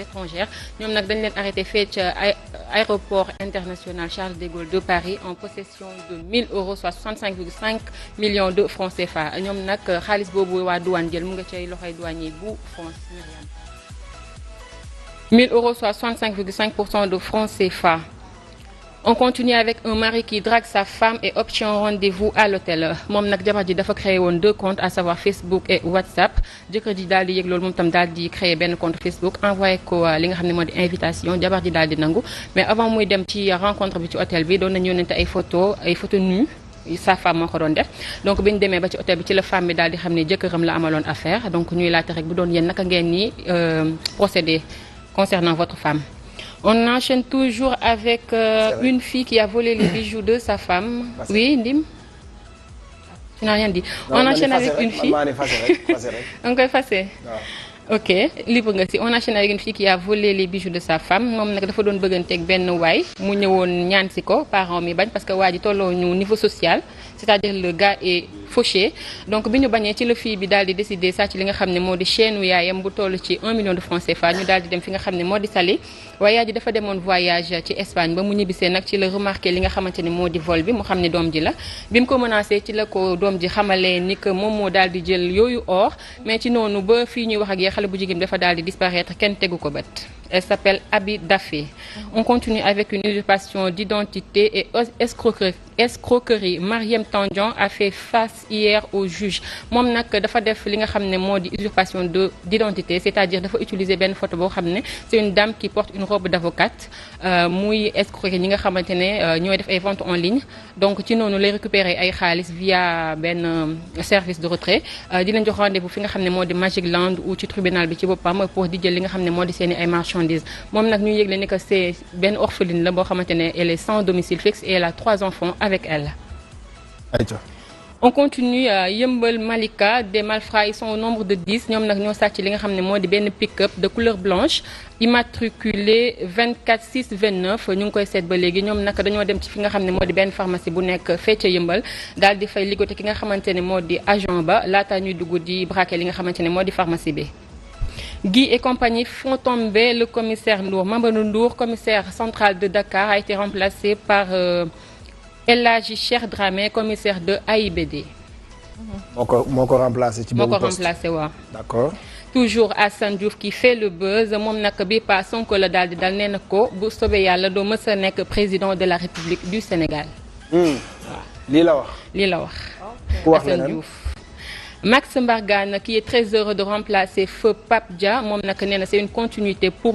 étrangère ñoom nag dañ leen arrêté fee ca aéroport international Charles de Gaulle de Paris en possession de 1000 euros soit 65,5 millions de francs CFA ñoom nag xaalis boobu waa douane jël mu nga cay loxoy douanier bu France Myriam 1000 euros soit de francs CFA on continue avec un mari qui drague sa femme et obtient rendez-vous à l'hôtel moom nag jabar ji dafa créé woon deux comptes à savoir Facebook et WhatsApp jëkkër ji daal di yëg loolu moom tam daal di créé benn compte Facebook envoyé ko euh, li nga xam ne moo di invitation jabar ji daal di nangu mais avant muy dem ci euh, rencontre bi ci hôtel bi doon nañu yónnante ay photo ay photo nu sa femme moo ko doon def donc bi ñu demee ba ci hôtel bi ci la femme bi daal di xam ne jëkkëram la amaloon affaire donc ñuy laajte rek bu doon yéen naka ngeen ni euh, procédé concernant votre femme On enchaîne toujours avec euh, une fille qui a volé les bijoux de sa femme. Oui, Ndim Tu n'as rien dit. Non, on enchaîne avec une fille. On koy fase ok libre nga si on enchaîne avec une fille qui a volé les bijoux de sa femme moom nag dafa doon bëgganteeg benn waay mu ñëwoon ñaan si ko parents mi bañ parce que waa ji tolloo ñu niveau social c'est-à-dire le gars fauché donc bi ñu bañee ci la fii bi daal di décidé sàcc li nga xam ne moo di chaîne yaayam bu toll ci 1 million de francs CFA ñu daal di dem fi nga xam ne moo di Saly waaye yaay dafa demoon voyage ci Espagne ba mu ñibbisee nag ci la remarqué li nga xamante ne moo di vol bi mu xam ne doom ji la bi mu ko menacé ci la ko doom ji xamalee ni moom moo daal di jël yooyu or mais ci noonu ba fii ñuy wax ak yee xale bu jigéen bi dafa daal di disparaître escroquerie Mariam Tandian a fait face hier au juge moom nag dafa def li nga xam ne moo di usurpation de d'identité c'est-à-dire dafa utiliser benn photo boo xam ne c'est une dame qui porte une robe d'avocate euh, muy escroquer ñi nga xamante ne euh, ñooy def ay ventes en ligne donc ci noonu lay récupérer ay xaalis via benn euh, service de retrait di leen jox rendez-vous fi nga xam ne moo di Magic Land ou ci tribunal bi ci boppam pour di jël li nga xam ne moo di seeni avec elle. on continue euh, yëmbal Malika de malfrats ils sont au nombre de dix ñoom nag ñoo sàcc li nga xam ne moo di benn pick-up de couleur blanche immatriculé 24 6 29 ñu ngi koy seet ba léegi ñoom nag dañoo dem ci fi nga xam ne moo di benn pharmacie bu nekk fee ca yëmbal daal di fay ligoté ki nga xamante ne moo di agent ba laata ñuy dugg di braqué li nga xamante ne moo di pharmacie bi. Guy et compagnie font tomber le commissaire Ndour Mamadou Ndour commissaire central de Dakar El Hadji Cheikh commissaire de AIBD. moo ko moo ko remplacé ci boobu poste moo ko remplacé waaw. d'accord. toujours Assane Diouf qui fait le buzz moom nag bi pas Sonko la daal dal nee na ko bu soobee yàlla doo mës a nekk président de la République du Sénégal. Hmm. Max Mbargane qui est très heureux de remplacer feu Pape Dia moom nag nee c'est une continuité pour.